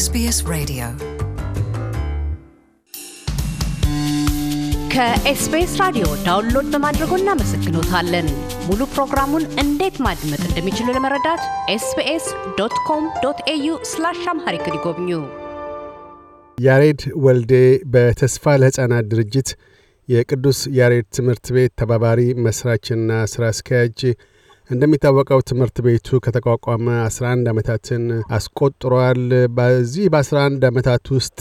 ኤስቢኤስ ሬዲዮ ከኤስቢኤስ ራዲዮ ዳውንሎድ በማድረጎ እናመሰግኖታለን። ሙሉ ፕሮግራሙን እንዴት ማድመጥ እንደሚችሉ ለመረዳት ኤስቢኤስ ዶት ኮም ዶት ኤዩ ስላሽ አምሃሪክ ይጎብኙ። ያሬድ ወልዴ በተስፋ ለሕፃናት ድርጅት የቅዱስ ያሬድ ትምህርት ቤት ተባባሪ መስራችና ሥራ አስኪያጅ እንደሚታወቀው ትምህርት ቤቱ ከተቋቋመ 11 ዓመታትን አስቆጥሯል። በዚህ በ11 ዓመታት ውስጥ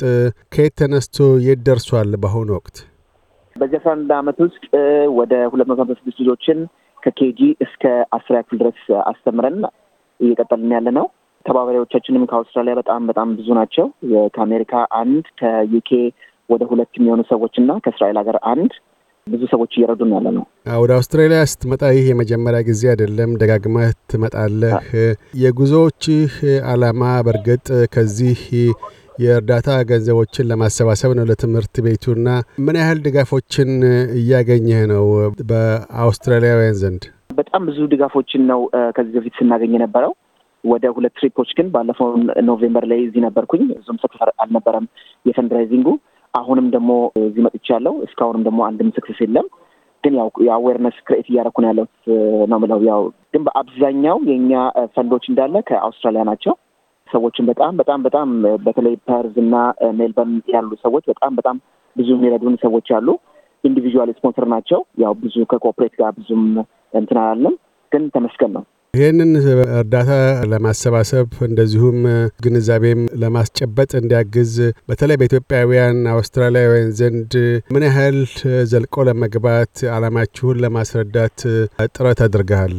ከየት ተነስቶ የት ደርሷል? በአሁኑ ወቅት በዚህ 11 ዓመት ውስጥ ወደ 256 ልጆችን ከኬጂ እስከ አስራ ክፍል ድረስ አስተምረን እየቀጠልን ያለ ነው። ተባባሪዎቻችንም ከአውስትራሊያ በጣም በጣም ብዙ ናቸው። ከአሜሪካ አንድ፣ ከዩኬ ወደ ሁለት የሚሆኑ ሰዎች እና ከእስራኤል ሀገር አንድ ብዙ ሰዎች እየረዱ ያለ ነው። ወደ አውስትራሊያ ስትመጣ ይህ የመጀመሪያ ጊዜ አይደለም፣ ደጋግመህ ትመጣለህ። የጉዞዎችህ አላማ በእርግጥ ከዚህ የእርዳታ ገንዘቦችን ለማሰባሰብ ነው ለትምህርት ቤቱና ምን ያህል ድጋፎችን እያገኘህ ነው በአውስትራሊያውያን ዘንድ? በጣም ብዙ ድጋፎችን ነው ከዚህ በፊት ስናገኝ የነበረው። ወደ ሁለት ትሪፖች ግን ባለፈው ኖቬምበር ላይ እዚህ ነበርኩኝ። ብዙም ሰክሰስ አልነበረም የፈንድራይዚንጉ አሁንም ደግሞ እዚህ መጥቼ ያለው እስካሁንም ደግሞ አንድም ስክስስ የለም። ግን ያው የአዌርነስ ክሬት እያደረኩ ነው ያለሁት ነው ምለው። ያው ግን በአብዛኛው የእኛ ፈንዶች እንዳለ ከአውስትራሊያ ናቸው። ሰዎችን በጣም በጣም በጣም በተለይ ፐርዝ እና ሜልበርን ያሉ ሰዎች በጣም በጣም ብዙ የሚረዱን ሰዎች አሉ። ኢንዲቪዥዋል ስፖንሰር ናቸው። ያው ብዙ ከኮኦፕሬት ጋር ብዙም እንትን አላልንም፣ ግን ተመስገን ነው። ይህንን እርዳታ ለማሰባሰብ እንደዚሁም ግንዛቤም ለማስጨበጥ እንዲያግዝ በተለይ በኢትዮጵያውያን አውስትራሊያውያን ዘንድ ምን ያህል ዘልቆ ለመግባት አላማችሁን ለማስረዳት ጥረት አድርገሃል?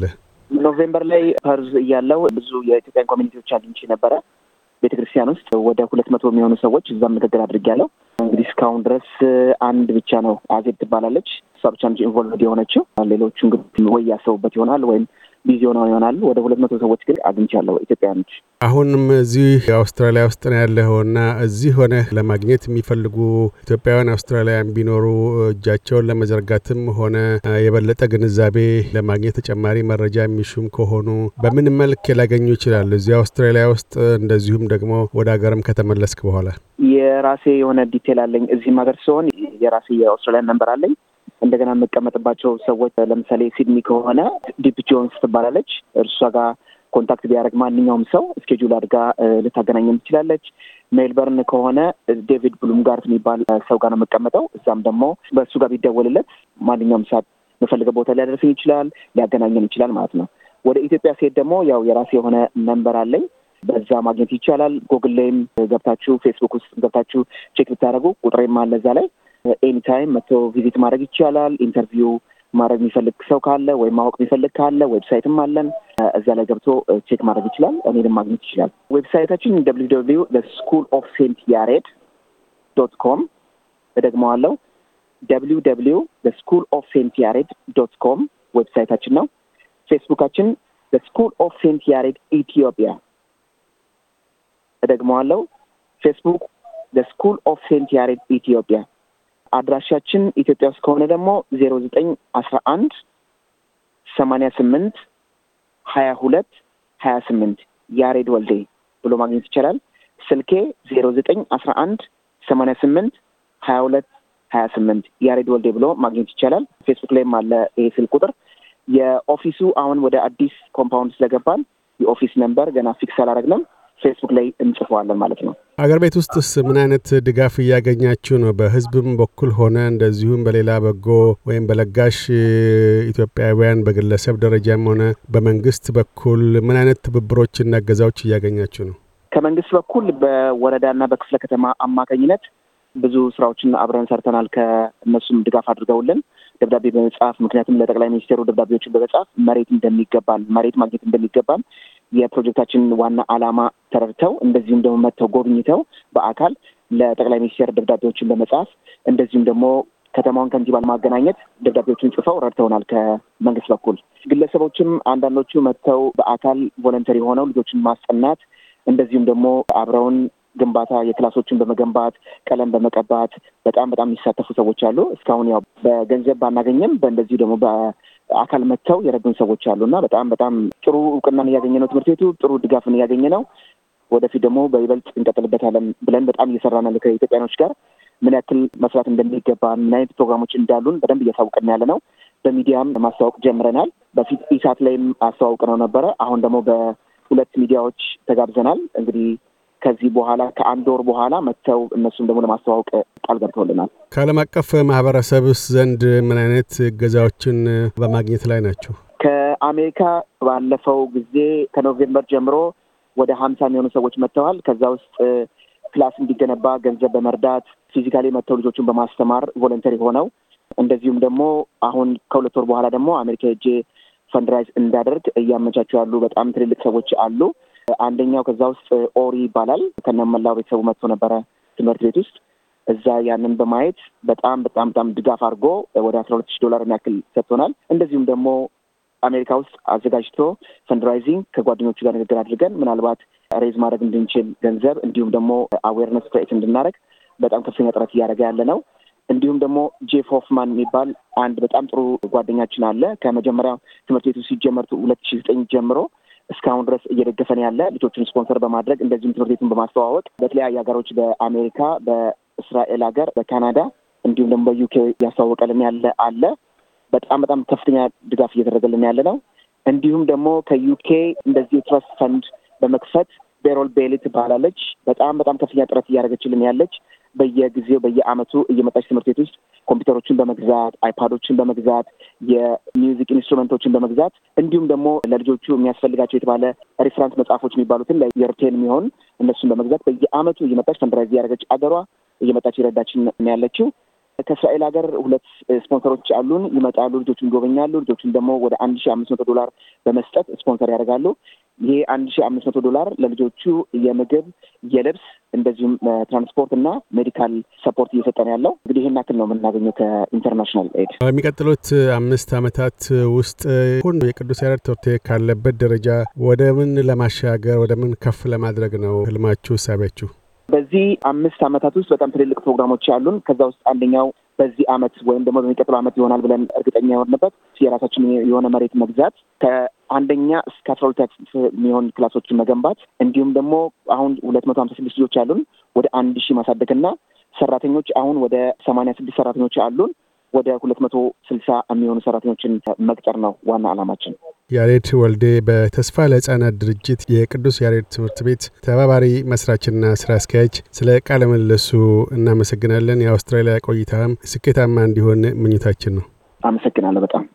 ኖቬምበር ላይ ፐርዝ እያለው ብዙ የኢትዮጵያን ኮሚኒቲዎች አግኝቼ ነበረ። ቤተ ክርስቲያን ውስጥ ወደ ሁለት መቶ የሚሆኑ ሰዎች እዛም ንግግር አድርጌያለሁ። እንግዲህ እስካሁን ድረስ አንድ ብቻ ነው አዜብ ትባላለች። እሷ ብቻ ኢንቮልቭድ የሆነችው ሌሎቹ እንግዲህ ወይ ያሰቡበት ይሆናል ወይም ቢዚ ይሆናሉ። ወደ ሁለት መቶ ሰዎች ግን አግኝቻለሁ ኢትዮጵያኖች። አሁንም እዚህ አውስትራሊያ ውስጥ ነው እና እዚህ ሆነ ለማግኘት የሚፈልጉ ኢትዮጵያውያን አውስትራሊያን ቢኖሩ እጃቸውን ለመዘርጋትም ሆነ የበለጠ ግንዛቤ ለማግኘት ተጨማሪ መረጃ የሚሹም ከሆኑ በምን መልክ ላገኙ ይችላሉ? እዚህ አውስትራሊያ ውስጥ እንደዚሁም ደግሞ ወደ ሀገርም ከተመለስክ በኋላ የራሴ የሆነ ዲቴል አለኝ። እዚህም ሀገር ሲሆን የራሴ የአውስትራሊያን ነንበር አለኝ። እንደገና የምቀመጥባቸው ሰዎች ለምሳሌ ሲድኒ ከሆነ ዲፕ ጆንስ ትባላለች። እርሷ ጋር ኮንታክት ቢያደርግ ማንኛውም ሰው እስኬጁል አድጋ ልታገናኘም ትችላለች። ሜልበርን ከሆነ ዴቪድ ብሉም ጋርት የሚባል ሰው ጋር ነው የምቀመጠው። እዛም ደግሞ በእሱ ጋር ቢደወልለት ማንኛውም ሰዓት መፈልገ ቦታ ሊያደርስን ይችላል፣ ሊያገናኘን ይችላል ማለት ነው። ወደ ኢትዮጵያ ሴት ደግሞ ያው የራሴ የሆነ ነንበር አለኝ። በዛ ማግኘት ይቻላል። ጎግል ላይም ገብታችሁ ፌስቡክ ውስጥ ገብታችሁ ቼክ ብታደረጉ ቁጥሬም አለ እዛ ላይ ኤኒታይም መጥቶ ቪዚት ማድረግ ይቻላል። ኢንተርቪው ማድረግ የሚፈልግ ሰው ካለ ወይም ማወቅ የሚፈልግ ካለ ዌብሳይትም አለን። እዛ ላይ ገብቶ ቼክ ማድረግ ይችላል። እኔንም ማግኘት ይችላል። ዌብሳይታችን ደብሊው ስኩል ኦፍ ሴንት ያሬድ ዶት ኮም እደግመዋለሁ። ደብሊው ደብሊው ስኩል ኦፍ ሴንት ያሬድ ዶት ኮም ዌብሳይታችን ነው። ፌስቡካችን ስኩል ኦፍ ሴንት ያሬድ ኢትዮጵያ እደግመዋለሁ። ፌስቡክ ስኩል ኦፍ ሴንት ያሬድ ኢትዮጵያ አድራሻችን ኢትዮጵያ ውስጥ ከሆነ ደግሞ ዜሮ ዘጠኝ አስራ አንድ ሰማኒያ ስምንት ሀያ ሁለት ሀያ ስምንት ያሬድ ወልዴ ብሎ ማግኘት ይቻላል። ስልኬ ዜሮ ዘጠኝ አስራ አንድ ሰማኒያ ስምንት ሀያ ሁለት ሀያ ስምንት ያሬድ ወልዴ ብሎ ማግኘት ይቻላል። ፌስቡክ ላይም አለ ይሄ ስልክ ቁጥር። የኦፊሱ አሁን ወደ አዲስ ኮምፓውንድ ስለገባን የኦፊስ ነምበር ገና ፊክስ አላረግንም። ፌስቡክ ላይ እንጽፈዋለን ማለት ነው። አገር ቤት ውስጥስ ምን አይነት ድጋፍ እያገኛችሁ ነው? በህዝብም በኩል ሆነ እንደዚሁም በሌላ በጎ ወይም በለጋሽ ኢትዮጵያውያን በግለሰብ ደረጃም ሆነ በመንግስት በኩል ምን አይነት ትብብሮችና እገዛዎች እያገኛችሁ ነው? ከመንግስት በኩል በወረዳና በክፍለ ከተማ አማካኝነት ብዙ ስራዎችን አብረን ሰርተናል። ከእነሱም ድጋፍ አድርገውልን ደብዳቤ በመጻፍ ምክንያቱም ለጠቅላይ ሚኒስቴሩ ደብዳቤዎችን በመጻፍ መሬት እንደሚገባን መሬት ማግኘት እንደሚገባን የፕሮጀክታችንን ዋና ዓላማ ተረድተው እንደዚሁም ደግሞ መጥተው ጎብኝተው በአካል ለጠቅላይ ሚኒስትር ደብዳቤዎችን በመጻፍ እንደዚሁም ደግሞ ከተማውን ከንቲባ ለማገናኘት ደብዳቤዎችን ጽፈው ረድተውናል። ከመንግስት በኩል ግለሰቦችም አንዳንዶቹ መጥተው በአካል ቮለንተሪ ሆነው ልጆችን ማስጠናት እንደዚሁም ደግሞ አብረውን ግንባታ የክላሶችን በመገንባት ቀለም በመቀባት በጣም በጣም የሚሳተፉ ሰዎች አሉ። እስካሁን ያው በገንዘብ ባናገኘም በእንደዚሁ ደግሞ አካል መጥተው የረዱን ሰዎች አሉ እና በጣም በጣም ጥሩ እውቅናን እያገኘ ነው ትምህርት ቤቱ ጥሩ ድጋፍን እያገኘ ነው። ወደፊት ደግሞ በይበልጥ እንቀጥልበታለን ብለን በጣም እየሰራ ነው። ከኢትዮጵያኖች ጋር ምን ያክል መስራት እንደሚገባ ምን አይነት ፕሮግራሞች እንዳሉን በደንብ እያሳውቅን ያለ ነው። በሚዲያም ማስተዋወቅ ጀምረናል። በፊት ኢሳት ላይም አስተዋውቅ ነው ነበረ። አሁን ደግሞ በሁለት ሚዲያዎች ተጋብዘናል። እንግዲህ ከዚህ በኋላ ከአንድ ወር በኋላ መጥተው እነሱም ደግሞ ለማስተዋወቅ ቃል ገብተውልናል። ከዓለም አቀፍ ማህበረሰብስ ዘንድ ምን አይነት እገዛዎችን በማግኘት ላይ ናቸው? ከአሜሪካ ባለፈው ጊዜ ከኖቬምበር ጀምሮ ወደ ሀምሳ የሚሆኑ ሰዎች መጥተዋል። ከዛ ውስጥ ክላስ እንዲገነባ ገንዘብ በመርዳት ፊዚካሊ መጥተው ልጆቹን በማስተማር ቮለንተሪ ሆነው እንደዚሁም ደግሞ አሁን ከሁለት ወር በኋላ ደግሞ አሜሪካ ሄጄ ፈንድራይዝ እንዳደርግ እያመቻቹ ያሉ በጣም ትልልቅ ሰዎች አሉ። አንደኛው ከዛ ውስጥ ኦሪ ይባላል። ከነመላው ቤተሰቡ መጥቶ ነበረ ትምህርት ቤት ውስጥ እዛ ያንን በማየት በጣም በጣም በጣም ድጋፍ አድርጎ ወደ አስራ ሁለት ሺህ ዶላር ያክል ሰጥቶናል። እንደዚሁም ደግሞ አሜሪካ ውስጥ አዘጋጅቶ ፈንድራይዚንግ ከጓደኞቹ ጋር ንግግር አድርገን ምናልባት ሬዝ ማድረግ እንድንችል ገንዘብ እንዲሁም ደግሞ አዌርነስ ክሬት እንድናደረግ በጣም ከፍተኛ ጥረት እያደረገ ያለ ነው። እንዲሁም ደግሞ ጄፍ ሆፍማን የሚባል አንድ በጣም ጥሩ ጓደኛችን አለ። ከመጀመሪያ ትምህርት ቤቱ ሲጀመር ሁለት ሺህ ዘጠኝ ጀምሮ እስካሁን ድረስ እየደገፈን ያለ ልጆችን ስፖንሰር በማድረግ እንደዚሁም ትምህርት ቤቱን በማስተዋወቅ በተለያዩ ሀገሮች በአሜሪካ፣ በእስራኤል ሀገር፣ በካናዳ እንዲሁም ደግሞ በዩኬ እያስተዋወቀልን ያለ አለ። በጣም በጣም ከፍተኛ ድጋፍ እየተደረገልን ያለ ነው። እንዲሁም ደግሞ ከዩኬ እንደዚሁ ትረስት ፈንድ በመክፈት ቤሮል ቤሊ ትባላለች። በጣም በጣም ከፍተኛ ጥረት እያደረገችልን ያለች በየጊዜው በየአመቱ እየመጣች ትምህርት ቤት ውስጥ ኮምፒውተሮችን በመግዛት አይፓዶችን በመግዛት የሚውዚክ ኢንስትሩመንቶችን በመግዛት እንዲሁም ደግሞ ለልጆቹ የሚያስፈልጋቸው የተባለ ሬፍራንስ መጽሐፎች የሚባሉትን የርቴን የሚሆን እነሱን በመግዛት በየአመቱ እየመጣች ፈንድራይዝ ያደረገች አገሯ እየመጣች ይረዳችን ያለችው። ከእስራኤል ሀገር ሁለት ስፖንሰሮች አሉን። ይመጣሉ፣ ልጆቹን ይጎበኛሉ። ልጆቹን ደግሞ ወደ አንድ ሺ አምስት መቶ ዶላር በመስጠት ስፖንሰር ያደርጋሉ። ይሄ አንድ ሺ አምስት መቶ ዶላር ለልጆቹ የምግብ የልብስ እንደዚሁም ትራንስፖርት እና ሜዲካል ሰፖርት ነው ያለው እንግዲህ ይህን ያክል ነው የምናገኘው ከኢንተርናሽናል ኤድ። በሚቀጥሉት አምስት ዓመታት ውስጥ ሁን የቅዱስ ያሬድ ትምህርት ቤት ካለበት ደረጃ ወደ ምን ለማሻገር ወደ ምን ከፍ ለማድረግ ነው ህልማችሁ፣ ሳቢያችሁ? በዚህ አምስት ዓመታት ውስጥ በጣም ትልልቅ ፕሮግራሞች አሉን። ከዛ ውስጥ አንደኛው በዚህ አመት ወይም ደግሞ በሚቀጥለው አመት ይሆናል ብለን እርግጠኛ የሆንበት የራሳችን የሆነ መሬት መግዛት ከአንደኛ እስከ አስራ ሁለት የሚሆን ክላሶችን መገንባት እንዲሁም ደግሞ አሁን ሁለት መቶ ሀምሳ ስድስት ልጆች አሉን ወደ አንድ ሺህ ማሳደግና ሰራተኞች አሁን ወደ ሰማንያ ስድስት ሰራተኞች አሉን ወደ ሁለት መቶ ስልሳ የሚሆኑ ሰራተኞችን መቅጠር ነው ዋና አላማችን። ያሬድ ወልዴ በተስፋ ለሕፃናት ድርጅት የቅዱስ ያሬድ ትምህርት ቤት ተባባሪ መስራችና ስራ አስኪያጅ፣ ስለ ቃለ ምልልሱ እናመሰግናለን። የአውስትራሊያ ቆይታም ስኬታማ እንዲሆን ምኞታችን ነው። አመሰግናለሁ። በጣም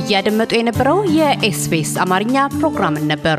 እያደመጡ የነበረው የኤስቢኤስ አማርኛ ፕሮግራምን ነበር።